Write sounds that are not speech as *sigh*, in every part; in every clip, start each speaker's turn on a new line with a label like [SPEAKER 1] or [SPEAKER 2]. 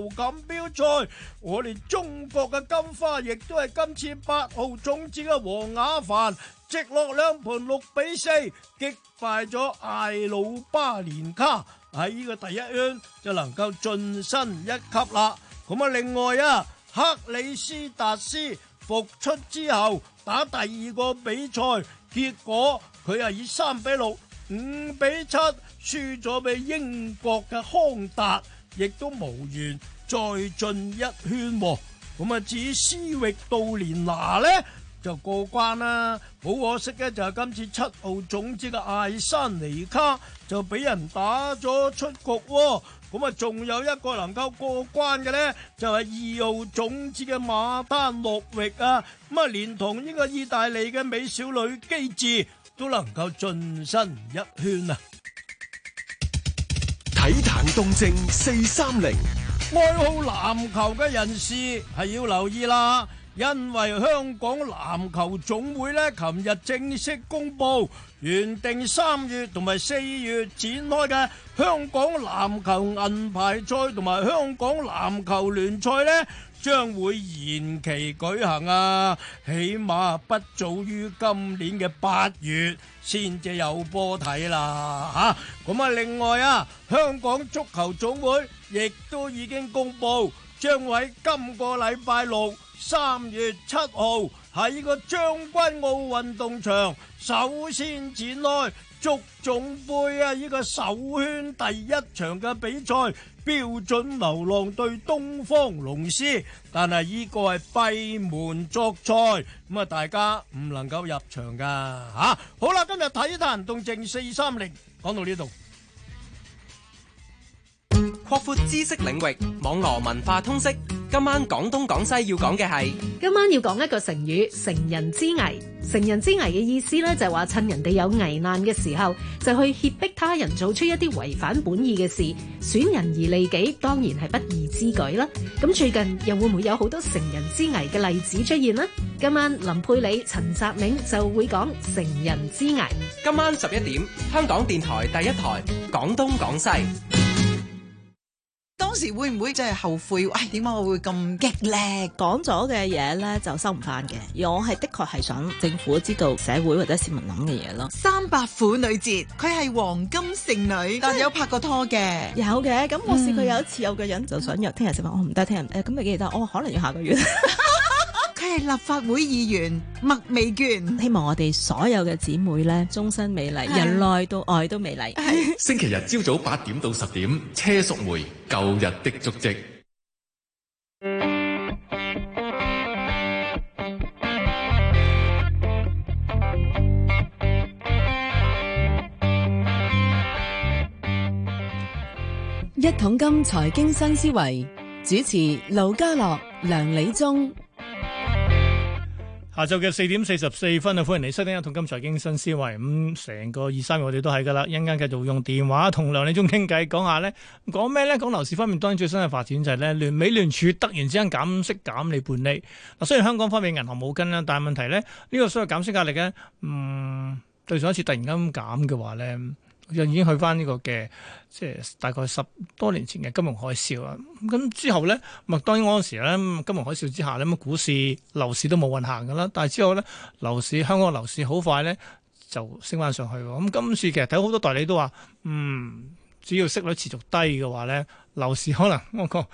[SPEAKER 1] 流錦標賽，我哋中國嘅金花亦都係今次八號種子嘅王雅凡，直落兩盤六比四擊敗咗艾魯巴連卡，喺呢個第一圈就能夠晉身一級啦。咁啊，另外啊，克里斯達斯復出之後打第二個比賽，結果佢係以三比六、五比七輸咗俾英國嘅康達。亦都無緣再進一圈。咁啊，至於斯域杜連拿咧就過關啦，好可惜嘅就係今次七號種子嘅艾山尼卡就俾人打咗出局，咁啊仲有一個能夠過關嘅咧就係二號種子嘅馬丹洛域啊，咁啊連同呢個意大利嘅美少女機智都能夠進身一圈啊！行動證四三零，愛好籃球嘅人士係要留意啦。因為香港籃球總會呢，琴日正式公布，原定三月同埋四月展開嘅香港籃球銀牌賽同埋香港籃球聯賽呢，將會延期舉行啊！起碼不早於今年嘅八月先至有波睇啦吓。咁啊，另外啊，香港足球總會亦都已經公布，將喺今個禮拜六。三月七號喺呢個將軍澳運動場，首先展開足總盃啊呢個首圈第一場嘅比賽，標準流浪對東方龍獅，但係呢個係閉門作賽，咁啊大家唔能夠入場噶吓。好啦，今日體壇動靜四三零，講到呢度，擴闊知識領域，網絡文化通識。今晚講東講西要講嘅係，今晚要講一個成語“成人之危”。成人之危嘅意思咧，就係話趁人哋有危難嘅時候，就去脅迫他人做出一啲違反本意嘅事，損人而利己，當然係不義之舉啦。咁最近又會唔會有好多成人之危嘅例子出現呢？今晚林佩理、陳澤銘就會講成人之危。今晚十一點，香港電台第一台，講東講西。當時會唔會真係後悔？喂、哎，點解我會咁激咧？講咗嘅嘢咧就收唔翻嘅。而我係的
[SPEAKER 2] 確係想政府知道社會或者市民諗嘅嘢咯。
[SPEAKER 1] 三百婦女節，佢係黃金剩女，真是 但有拍過拖嘅有嘅。咁我試過有一次有個人就想約聽日食飯，我唔得聽日。誒、哦，咁你記得我、哦、可能要下個月。佢 *laughs* 係 *laughs* 立法會議員麥美娟，希望我哋所有嘅姊妹咧，終身美麗，由是內到外都美麗。
[SPEAKER 3] 是 *laughs* 星期日朝早八點到十點，車淑梅。舊日的足跡，
[SPEAKER 1] 一桶金財經新思維主持：盧家樂、梁李忠。
[SPEAKER 2] 下晝嘅四點四十四分啊，歡迎你收聽《一桶金財經新思維》咁、嗯，成個二三月我哋都係噶啦，一陣間繼續用電話同梁禮中傾偈，講下咧，講咩咧？講樓市方面當然最新嘅發展就係咧，聯美聯儲突然之間減息減利半釐。嗱，雖然香港方面銀行冇跟啦，但係問題咧，呢、這個所謂減息壓力咧，嗯，對上一次突然間減嘅話咧。又已經去翻呢個嘅，即係大概十多年前嘅金融海嘯啊！咁之後咧，咪當然嗰陣時咧，金融海嘯之下咧，咁股市、樓市都冇運行㗎啦。但之後咧，樓市香港嘅樓市好快咧就升翻上去喎。咁今次其實睇好多代理都話，嗯，只要息率持續低嘅話咧，樓市可能我覺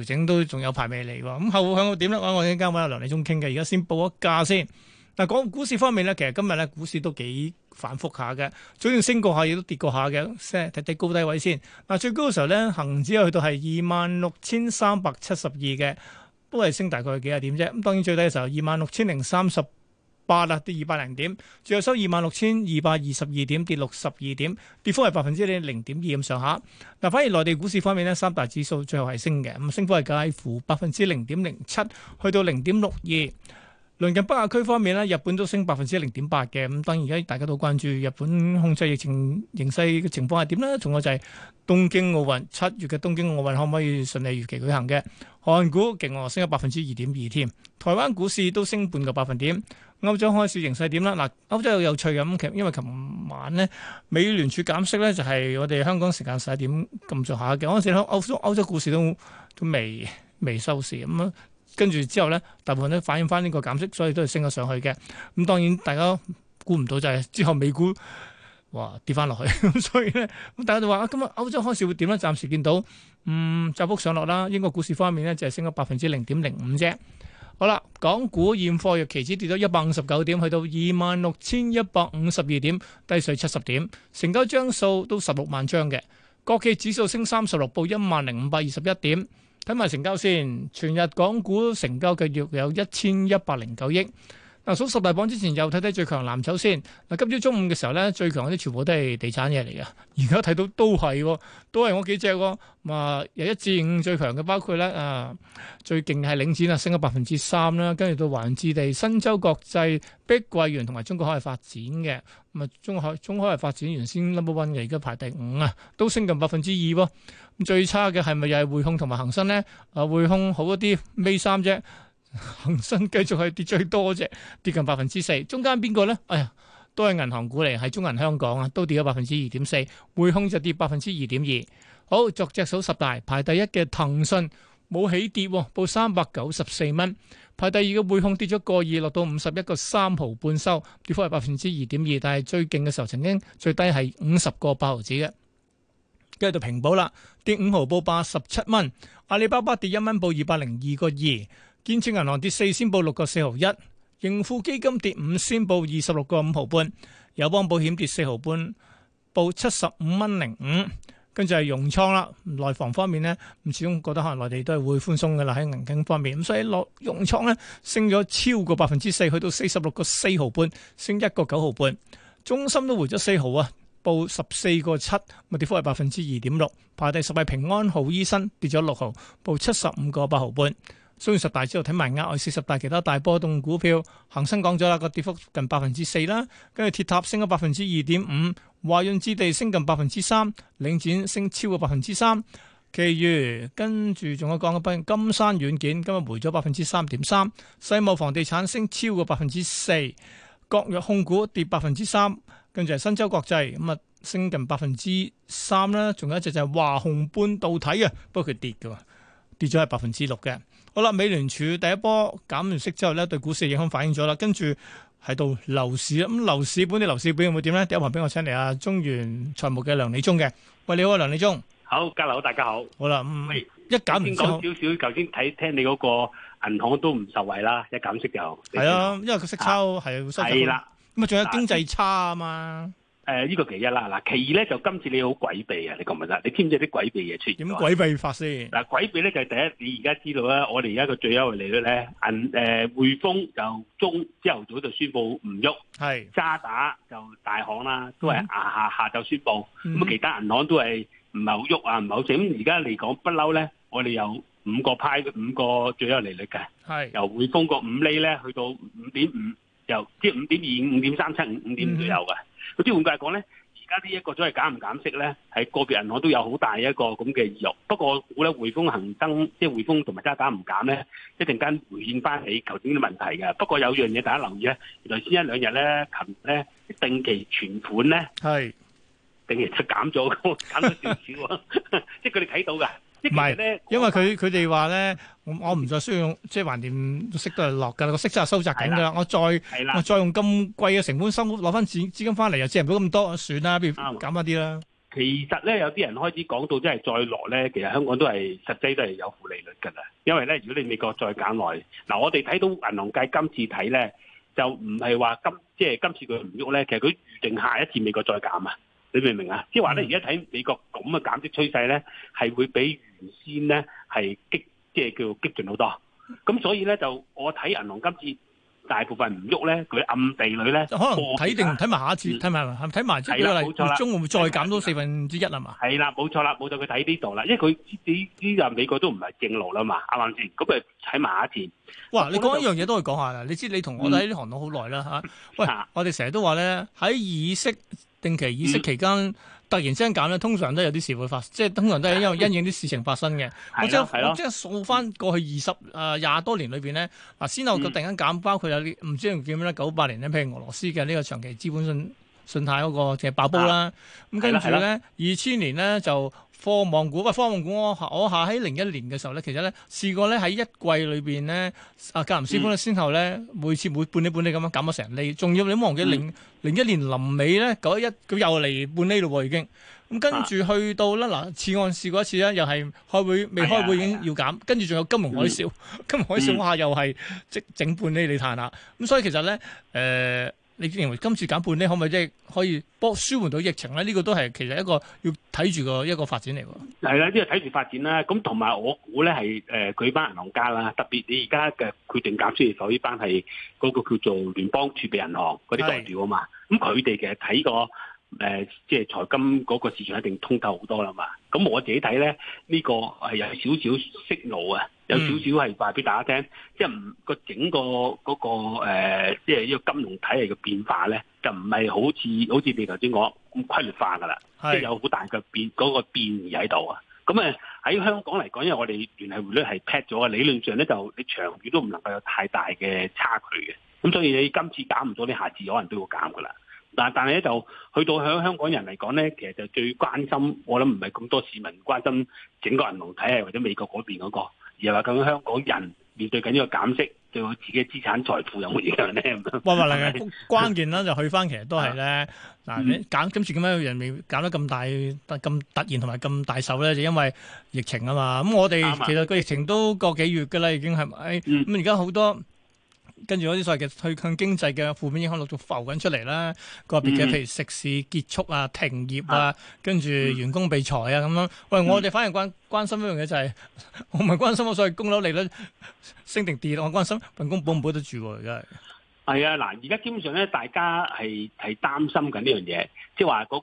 [SPEAKER 2] 調整都仲有排未嚟喎。咁後響點咧？我喺陣間位有梁理中傾嘅，而家先報一價先。嗱，講股市方面咧，其實今日咧股市都幾反覆下嘅，早段升過下，亦都跌過下嘅，先睇睇高低位先。嗱，最高嘅時候咧，恒指去到係二萬六千三百七十二嘅，都係升大概幾啊點啫。咁當然最低嘅時候，二萬六千零三十八啦，跌二百零點。最後收二萬六千二百二十二點，跌六十二點，跌幅係百分之零點二咁上下。嗱，反而內地股市方面咧，三大指數最後係升嘅，咁升幅係介乎百分之零點零七去到零點六二。臨近北亞區方面咧，日本都升百分之零點八嘅，咁當然而家大家都關注日本控制疫情形勢嘅情況係點咧？仲有就係東京奧運，七月嘅東京奧運可唔可以順利如期舉行嘅？韓股勁升咗百分之二點二添，台灣股市都升半個百分點。歐洲開市形勢點啦。嗱，歐洲有趣嘅，咁其實因為琴晚咧，美聯儲減息咧，就係我哋香港時間十一點咁上下嘅，陣時歐歐洲股市都都未未收市咁啊。跟住之後呢，大部分都反映翻呢個減息，所以都係升咗上去嘅。咁當然大家估唔到就係、是、之後美股哇跌翻落去， *laughs* 所以呢，咁大家就話啊，今日歐洲開市會點呢？暫時見到嗯窄幅上落啦。英國股市方面呢，就係升咗百分之零點零五啫。好啦，港股現貨月期指跌咗一百五十九點，去到二萬六千一百五十二點，低水七十點，成交張數都十六萬張嘅。國企指數升三十六，報一萬零五百二十一點。睇埋成交先，全日港股成交嘅約有一千一百零九億。嗱、啊，數十大榜之前又睇睇最強藍籌先。嗱，今朝中午嘅時候咧，最強嗰啲全部都係地產嘢嚟嘅。而家睇到都係、哦，都係我幾隻、哦。咁、嗯、啊，由一至五最強嘅包括咧，啊，最勁係領展啦，升咗百分之三啦。跟住到環置地、新洲國際、碧桂園同埋中國海發展嘅。咁啊，中海中海發展原先 number one 嘅，而家排第五啊，都升近百分之二喎。咁、嗯、最差嘅係咪又係匯控同埋恒生咧？啊，匯控好一啲，尾三啫。恒生繼續係跌最多啫，跌近百分之四。中間邊個呢？哎呀，都係銀行股嚟，係中銀香港啊，都跌咗百分之二點四。匯控就跌百分之二點二。好，作只數十大排第一嘅騰訊冇起跌、哦，報三百九十四蚊。排第二嘅匯控跌咗個二，落到五十一個三毫半收，跌幅係百分之二點二。但係最勁嘅時候，曾經最低係五十個八毫紙嘅，跟住就平保啦，跌五毫報八十七蚊。阿里巴巴跌一蚊，報二百零二個二。建設銀行跌四仙報六個四毫一；盈富基金跌五仙報二十六個五毫半。友邦保險跌四毫半，報七十五蚊零五。跟住係融倉啦。內房方面咧，始終覺得可能內地都係會寬鬆噶啦。喺銀經方面，咁所以落融倉咧升咗超過百分之四，去到四十六個四毫半，升一個九毫半。中心都回咗四毫啊，報十四個七，咁跌幅係百分之二點六。排第十位平安好醫生，跌咗六毫，報七十五個八毫半。雖然十大之後睇埋額外四十大其他大波動股票，恒生講咗啦，個跌幅近百分之四啦。跟住鐵塔升咗百分之二點五，華潤置地升近百分之三，領展升超過百分之三。其餘跟住仲有講緊，金山軟件今日回咗百分之三點三，世茂房地產升超過百分之四，國藥控股跌百分之三，跟住係新洲國際咁啊，升近百分之三啦。仲有一隻就係華虹半導體啊，不過佢跌嘅，跌咗係百分之六嘅。好啦，美聯儲第一波減完息之後咧，對股市嘅影響反映咗啦。跟住喺度樓市啦，咁樓市本啲樓市表現會點咧？第一行俾我請嚟啊，中原財務嘅梁理忠嘅。喂，你好啊，梁理忠。
[SPEAKER 3] 好，加樓好，大家好。好啦，嗯、喂一減唔先講少少，究竟睇聽你嗰個銀行都唔受惠啦，一減息就係啊，因
[SPEAKER 2] 為個息差係係啦，咁啊仲的有經濟差啊嘛。誒，呢、呃這個
[SPEAKER 3] 其一啦，嗱，其二咧就今次你好詭秘啊！你覺唔覺得？你兼住啲詭秘嘢出現。點詭秘法先？嗱，詭秘咧就係、是、第一，你而家知道啦。我哋而家嘅最優惠利率咧，銀誒匯、呃、豐就中朝頭早就宣布唔喐，係渣是打就大行啦，都係、啊嗯、下下下晝宣布。咁、嗯、其他銀行都係唔係好喐啊，唔係好正。咁而家嚟講不嬲咧、啊，我哋有五個派五個最優利率嘅，係是由匯豐個五厘咧去到五點五，由即係五點二五、五點三七、五五點都有嘅。嗰啲換句講咧，而家呢一個所謂係減唔減息咧，係個別銀行都有好大一個咁嘅意欲。不過我估咧，匯豐恒登即係匯豐同埋渣打唔減咧，一陣間回應翻起頭先啲問題嘅。不過有樣嘢大家留意咧，原來先一兩日咧，琴咧定期存款咧係定期出減咗，減咗少少啊！即係佢哋睇到㗎。
[SPEAKER 2] 唔係，因為佢佢哋話咧，我我唔再需要用即係橫掂息都係落㗎啦，個息真係收窄緊㗎啦，我再我再用咁貴嘅成本生活，攞翻資資金翻嚟又借唔到咁多，算啦，不如減翻啲啦。
[SPEAKER 3] 其實咧，有啲人開始講到即係再落咧，其實香港都係實際都係有負利率㗎啦。因為咧，如果你美國再減落，嗱我哋睇到銀行界今次睇咧，就唔係話今即係今次佢唔喐咧，其實佢預定下一次美國再減啊！你明唔明啊？即係話咧，而家睇美國咁嘅減息趨勢咧，係會俾。先咧係激，即係叫激進好多，咁所以咧就我睇銀行今次大部分唔喐咧，佢暗地裏咧，就可能睇定
[SPEAKER 2] 睇埋下一次，睇埋睇埋，係啦，冇、嗯、錯啦，中會唔會再減到
[SPEAKER 3] 四分之一啊嘛，係啦，冇錯啦，冇的錯，佢睇呢度啦，因為佢啲啲人美國都唔係正路啦嘛，啱唔啱先？咁誒睇埋下一
[SPEAKER 2] 次。哇！你講一樣嘢都可以講下啦，你知你同我哋喺呢行都好耐啦嚇。嗯啊、喂，我哋成日都話咧，喺意識定期意識期間。嗯突然之間減咧，通常都有啲事會發生，即係通常都係因為因應啲事情發生嘅。我即係即係數翻過去二十誒廿多年裏邊咧，嗱先後個突然間減，嗯、包括有啲唔知叫咩咧，九八年咧，譬如俄羅斯嘅呢個長期資本信信貸嗰個就係爆煲啦。咁的跟住咧，二千年咧就。科網股，唔、哎、科網股，我我下喺零一年嘅時候咧，其實咧試過咧喺一季裏面咧，阿、啊、格林斯潘先後咧、嗯，每次每半厘半厘咁樣減咗成厘，仲要你唔好忘記、嗯、零零一年臨尾咧，九一一佢又嚟半厘嘞喎已經，咁跟住去到啦，嗱、啊，次案試過一次咧，又係開會未開會已經要減，跟住仲有金融海嘯、嗯、金融海嘯我下又係即整，整半厘你嘆下，咁、嗯、所以其實咧誒。呃你認為今次減半咧，可唔可以即係可以幫舒緩到疫情咧？呢個都係其實一個要睇住個一個發展嚟喎。
[SPEAKER 3] 係啦，呢個要睇住發展啦。咁同埋我估咧係誒佢班銀行家啦，特別你而家嘅決定減息率，就呢班係嗰個叫做聯邦儲備銀行嗰啲代表啊嘛。咁佢哋其實睇過。誒，即係財金嗰個市場一定通透好多啦嘛。咁我自己睇咧，呢、這個係有少少 signal 啊，有少少係話俾大家聽，即係唔個整個嗰、那個即係呢個金融體系嘅變化咧，就唔係好似好似你頭先講咁規律化噶啦，即係是 有好大嘅變嗰、那個變異喺度啊。咁誒喺香港嚟講，因為我哋聯繫匯率係 peg 咗嘅，理論上咧就你長遠都唔能夠有太大嘅差距嘅。咁所以你今次減唔到，你下次可能都要減噶啦。嗱，但係咧就去到喺香港人嚟講咧，其實就最關心，我諗唔係咁多市民關心整個銀行體系或者美國嗰邊嗰、嗰個，而係話究竟香港人面對緊呢個減息對佢自己資產財富有冇影響咧咁。喂喂，係啊，
[SPEAKER 2] 關鍵啦了就 *laughs* 去翻，其實都係咧，嗱減今次咁樣人哋減得咁大、得咁突然同埋咁大手咧，就因為疫情啊嘛。咁、嗯、我哋其實個疫情都個幾月噶啦，嗯、已經係咪？咁而家好多。哎嗯嗯跟住嗰啲所謂嘅推向經濟嘅負面影響陸續浮緊出嚟啦，個別嘅譬如食肆結束啊、停業啊，跟住、啊、員工被裁啊咁、嗯、樣。喂，我哋反而關心一樣嘢就係、是、嗯、我唔係關心我所謂供樓利率升定跌，我關心份工保唔保得住喎，而家係。係啊，嗱，
[SPEAKER 3] 而家、啊、基本上咧，大家係係擔心緊呢樣嘢，即係話嗰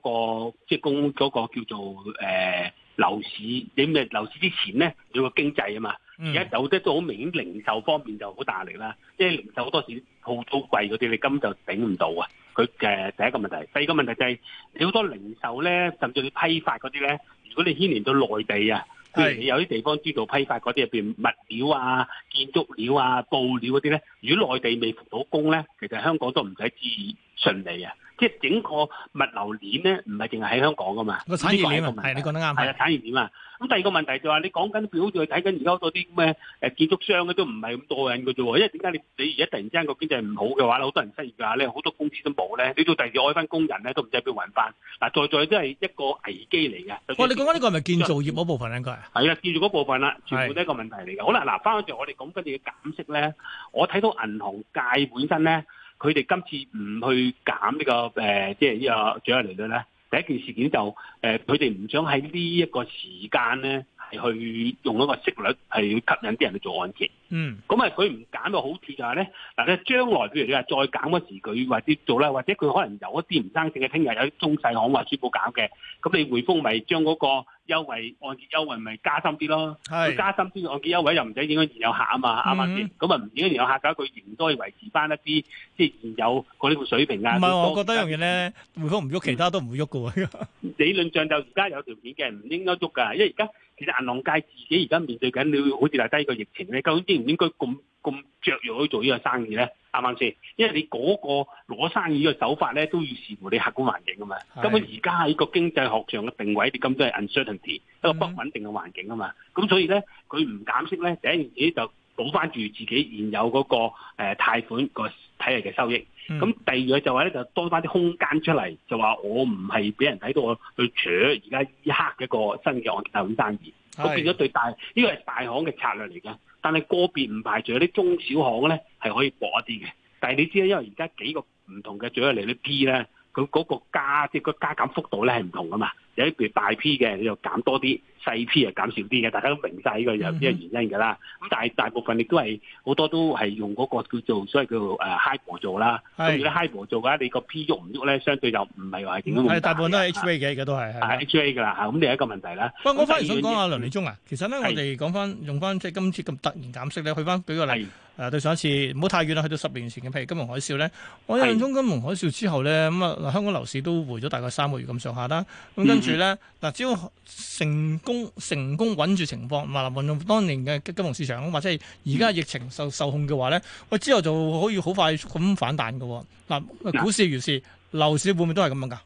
[SPEAKER 3] 個即係供嗰個叫做誒、呃、樓市，你咪樓市之前咧有個經濟啊嘛。而家走啫都好明顯，零售方面就好大力啦。即係零售好多時鋪租貴嗰啲，你根本就頂唔到啊。佢嘅第一個問題，第二個問題就係、是、你好多零售咧，甚至你批發嗰啲咧，如果你牽連到內地啊，譬如你有啲地方知道批發嗰啲入面物料啊、建築料啊、布料嗰啲咧，如果內地未復到工咧，其實香港都唔使至於順利啊。即係整個物流鏈咧，唔係淨係喺香港噶嘛？個產業鏈啊，係你講得啱，係啊產業鏈啊。咁第二個問題就係、是、你講緊表象，睇緊而家好多啲咩誒建築商咧都唔係咁多人嘅啫喎。因為點解你你而家突然之間個經濟唔好嘅話，好多人失業嘅話咧，好多公司都冇咧。你到第二日開翻工人咧都唔使去揾翻。嗱，在在都係一個危機嚟嘅。我、哦、你講緊呢個係咪建造業嗰部分應該係啊，建造嗰部分啦，全部都係一個問題嚟嘅。的好啦，嗱翻返嚟我哋講緊你嘅減息咧，我睇到銀行界本身咧。佢哋今次唔去減呢個誒，即係呢個主要利率咧。第一件事件就誒，佢哋唔想喺呢一個時間咧，去用嗰個息率係吸引啲人去做按揭，嗯，咁啊佢唔減嘅好處就係咧，嗱你將來譬如你話再減嗰時，佢或者做啦，或者佢可能有一啲唔生性嘅，聽日有啲中細行話宣布減嘅，咁你匯豐咪將嗰個優惠按揭優惠咪加深啲咯，是加深啲按揭優惠又唔使影響現有客啊嘛，啱唔啱先？咁啊唔影響現有客，咁佢仍都可以維持翻一啲即係現有嗰啲個水平啊，唔係我覺得
[SPEAKER 2] 一樣嘢咧，匯豐唔喐其他都唔會喐嘅喎，
[SPEAKER 3] 嗯、 *laughs* 理論上就而家有條件嘅唔應該喐噶，因為而家。其實銀行界自己而家面對緊，你要好似大低個疫情咧，究竟應唔應該咁咁著用去做呢個生意咧？啱唔啱先？因為你嗰個攞生意嘅手法咧，都要視乎你客觀環境啊嘛。根本而家喺個經濟學上嘅定位，你咁都係 uncertainty 一個不穩定嘅環境啊嘛。咁、嗯、所以咧，佢唔減息咧，第一件事就保翻住自己現有嗰個誒貸款個，呃睇嚟嘅收益，咁、嗯、第二個就話咧，就多翻啲空間出嚟，就話我唔係俾人睇到我去搶而家一刻嘅一個新嘅按揭貸款生意，咁變咗對大呢個係大行嘅策略嚟嘅，但係個別唔排除有啲中小行咧係可以搏一啲嘅，但係你知啦，因為而家幾個唔同嘅組合嚟啲 P 咧，佢嗰個加即係個加減幅度咧係唔同噶嘛，有啲譬如大 P 嘅你就減多啲。細 P 啊，減少啲嘅，大家都明曬呢個有啲原因嘅啦。咁但係大部分亦都係好多都係用嗰個叫做所謂叫誒 high 模做啦。係，用啲 high 模做嘅話，你個 P 喐唔喐咧，相對就唔係話點樣。
[SPEAKER 2] 大部分都係 H A 嘅，都係
[SPEAKER 3] H A 嘅啦。嚇，咁另一個問題啦。我反而想講下
[SPEAKER 2] 梁利忠啊。其實咧，我哋講翻用翻即係今次咁突然減息咧，去翻舉個例誒，對上一次唔好太遠啦，去到十年前嘅譬如金融海嘯咧，我印象中金融海嘯之後咧，咁啊香港樓市都回咗大概三個月咁上下啦。咁跟住咧嗱，只要成功成功穩住情況，嗱運用當年嘅金融市場，或者係而家疫情受受控嘅話咧，我之後就可以好快咁反彈㗎。嗱，股市如是，樓、啊、市會唔會都係咁樣噶？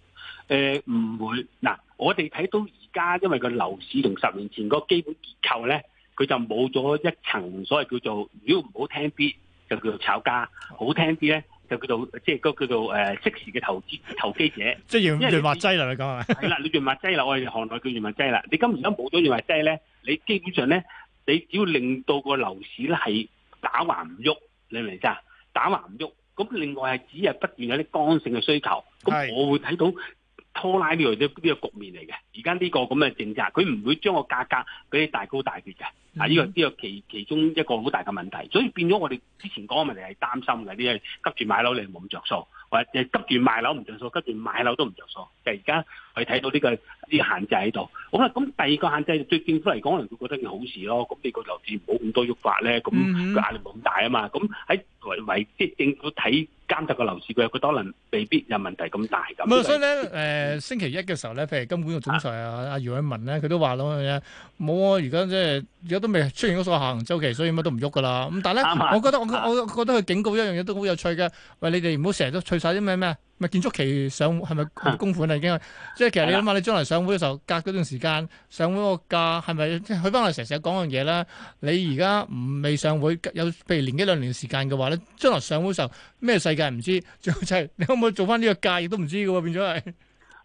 [SPEAKER 3] 誒唔、呃、會，嗱、啊、我哋睇到而家，因為個樓市同十年前個基本結構咧，佢就冇咗一層，所謂叫做如果唔好聽啲，就叫做炒家；好聽啲咧，就叫做即係個叫做誒即、呃、時嘅投資投機者，即係潤滑
[SPEAKER 2] 劑啦說！你講係
[SPEAKER 3] 啦，你潤滑劑啦，我哋行內叫潤滑劑啦。你今而家冇咗潤滑劑咧，你基本上咧，你只要令到個樓市咧係打橫唔喐，你明唔明咋？打橫唔喐，咁另外係只係不斷有啲剛性嘅需求，咁我會睇到拖拉呢類啲呢個局面嚟嘅。而家呢個咁嘅政策，佢唔會將個價格俾大高大跌噶。嗯嗯啊！呢個呢個其其中一個好大嘅問題，所以變咗我哋之前講嘅問題係擔心嘅，啲係急住買樓你唔冇咁着數，或者急住賣樓唔着數，急住買樓都唔着數，就而家。佢睇到呢個啲限制喺度，好啦，咁第二個限制對政府嚟講，可能佢覺得係好事咯。咁你個樓市唔好咁多喐法咧，咁壓力冇咁大啊嘛。咁喺為為政府睇監察個樓市嘅，佢可能未必有問題咁大咁。咁、嗯、所以咧，
[SPEAKER 2] 誒、呃、星期一嘅時候咧，譬如金管局總裁啊，阿余偉文咧，佢都話咯嘅，冇啊，而家即係而家都未出現嗰個下行週期，所以乜都唔喐噶啦。咁但係咧、啊啊，我覺得我我覺得佢警告一樣嘢都好有趣嘅。喂，你哋唔好成日都吹晒啲咩咩？什麼什麼咪建築期上係咪公款啊？已經、嗯，即係其實你諗下，的你將來上會嘅時候，隔嗰段時間上會個價係咪？佢翻我成成日講樣嘢啦。你而家未上會有譬如年幾兩年嘅時間嘅話咧，將來上會嘅時候咩世界唔知，最好就係、是、你可唔可以做翻呢個價，亦都唔知嘅喎變咗係。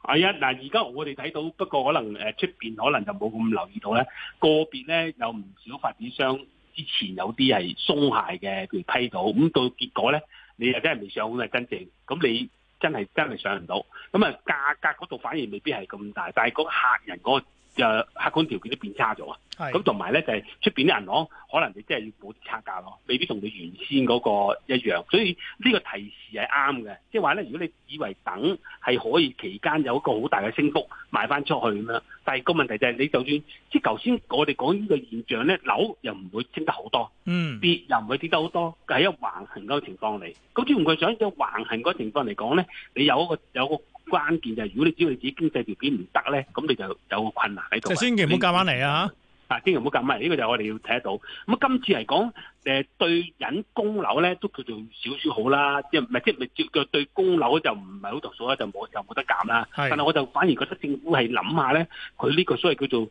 [SPEAKER 3] 係啊，嗱而家我哋睇到，不過可能誒出邊可能就冇咁留意到咧。個別咧有唔少發展商之前有啲係鬆懈嘅，譬如批到咁到結果咧，你又真係未上會係真正咁你。真係真係上唔到，咁啊價格嗰度反而未必係咁大，但係個客人嗰、嗰個就客觀條件都變差咗，咁同埋咧就係、是、出面啲銀行可能你真係要補差價咯，未必同你原先嗰個一樣，所以呢個提示係啱嘅，即係話咧，如果你以為等係可以期間有一個好大嘅升幅賣翻出去咁樣，但係個問題就係你就算即係頭先我哋講呢個現象咧，樓又唔會升得好多，嗯，跌又唔會跌得好多，係一個橫行個情況嚟。咁點佢想喺一個橫行個情況嚟講咧，你有個有個？有關鍵就係如果你只要你自己經濟條件唔得咧，咁你就有個困難喺度。石先傑唔好夾翻嚟啊！啊，先傑唔好夾翻嚟，呢個就係我哋要睇得到。咁啊，今次嚟講誒對引供樓咧，都叫做少少好啦。即係唔係即係唔接腳對供樓就唔係好着數啦，就冇又冇得減啦。但係我就反而覺得政府係諗下咧，佢呢個所謂叫做誒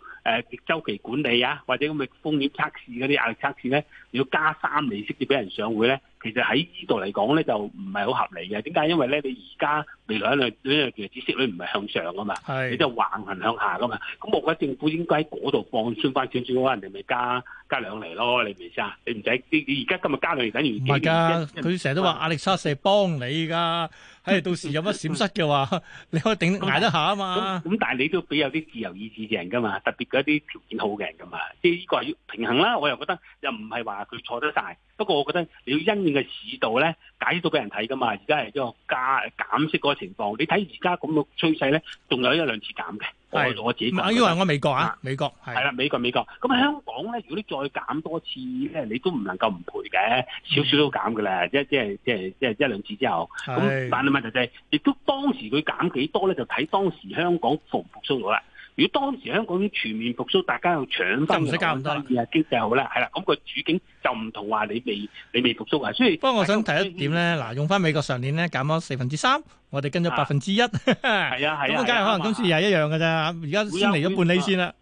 [SPEAKER 3] 週期管理啊，或者咁嘅風險測試嗰啲壓力測試咧，要加三厘息先俾人上會咧。其實喺呢度嚟講咧，就唔係好合理嘅。點解？因為咧，你而家未來嗰兩兩嘅息率唔係向上噶嘛，是的 你就橫行向下噶嘛。咁我覺得政府應該喺嗰度放穿翻轉轉嗰人你咪加加兩厘咯，你唔使。你而家今日加兩厘，等於唔係㗎。佢
[SPEAKER 2] 成日都話壓力沙勢幫你㗎。哎、到時有乜閃失嘅話，你可以頂捱一下啊嘛。咁但係你都俾有
[SPEAKER 3] 啲自由意志嘅人噶嘛，特別嗰啲條件好嘅人噶嘛。即係呢個係要平衡啦。我又覺得又唔係話佢錯得晒。不過我覺得你要因應嘅市道咧，解釋到俾人睇噶嘛。而家係一個加減息嗰個情況，你睇而家咁嘅趨勢咧，仲有一兩次減嘅。是我自己，以為我美
[SPEAKER 2] 國啊，啊美國
[SPEAKER 3] 係啦，美國美國，咁香港咧，如果你再減多次咧，你都唔能夠唔賠嘅，少少都減嘅啦，即即係即係即係一兩次之後，咁的但係問題就係、是，亦都當時佢減幾多咧，就睇當時香港復唔復甦咗啦。如果當時香港全面復甦，大家又搶翻，唔使教咁多嘢啊！經濟好啦，係啦，咁個處境就唔同話你未你未復甦
[SPEAKER 2] 啊，所以不過我想提一點咧，嗱，用翻美國上年咧減咗四分之三，我哋跟咗百分之
[SPEAKER 3] 一，係啊係啊，咁梗係可能
[SPEAKER 2] 今次又係一樣嘅啫，而家先嚟咗半厘先啦，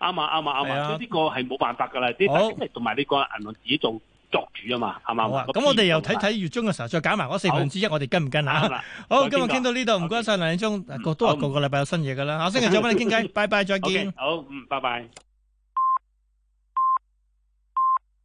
[SPEAKER 3] 啱啊啱啊啱啊，所以呢個係冇辦法嘅啦，啲大經濟同埋呢個銀行自己做。作主啊嘛，係嘛好啊，咁我哋又睇睇
[SPEAKER 2] 月中嘅時候，再揀埋嗰四分之一，好我哋跟唔跟啊？好，今日傾到呢度，唔該晒梁振中，都個都話個個禮拜有新嘢噶啦，下星期再搵你傾偈， *laughs* 拜拜，再見。
[SPEAKER 3] Okay, 好，嗯，拜拜。